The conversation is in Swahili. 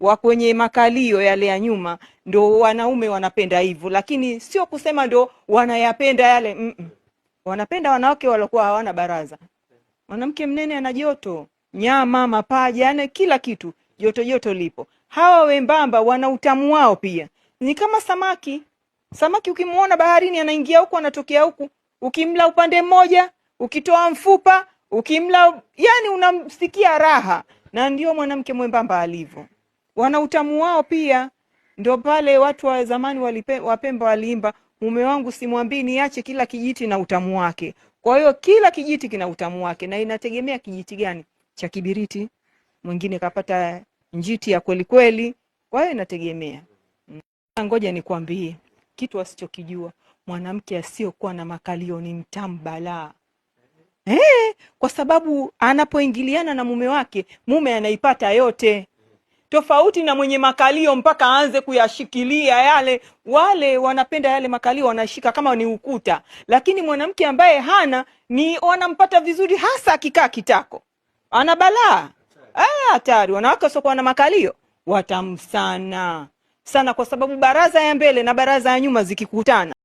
wa kwenye makalio yale ya nyuma, ndo wanaume wanapenda hivyo, lakini sio kusema ndo wanayapenda yale mm -mm. Wanapenda wanawake waliokuwa hawana baraza. Mwanamke mnene ana joto, nyama, mapaja, yani kila kitu joto joto lipo. Hawa wembamba wana utamu wao pia, ni kama samaki. Samaki ukimuona baharini anaingia huku anatokea huku, ukimla upande mmoja, ukitoa mfupa, ukimla, yani unamsikia raha, na ndio mwanamke mwembamba alivyo wana utamu wao pia. Ndio pale watu wa zamani walipe, Wapemba waliimba mume wangu simwambii niache, kila kijiti na utamu wake. Kwa hiyo kila kijiti kina utamu wake, na inategemea kijiti gani cha kibiriti. Mwingine kapata njiti ya kweli kweli, kwa hiyo inategemea. Mm. Ngoja nikwambie kitu wasichokijua, mwanamke asiyokuwa na makalio ni mtamu balaa. Eh, kwa sababu anapoingiliana na mume wake, mume anaipata yote tofauti na mwenye makalio mpaka aanze kuyashikilia yale. Wale wanapenda yale makalio, wanashika kama ni ukuta, lakini mwanamke ambaye hana ni wanampata vizuri, hasa akikaa kitako, ana balaa ah, hatari. Wanawake wasiokuwa na makalio watamsana sana, kwa sababu baraza ya mbele na baraza ya nyuma zikikutana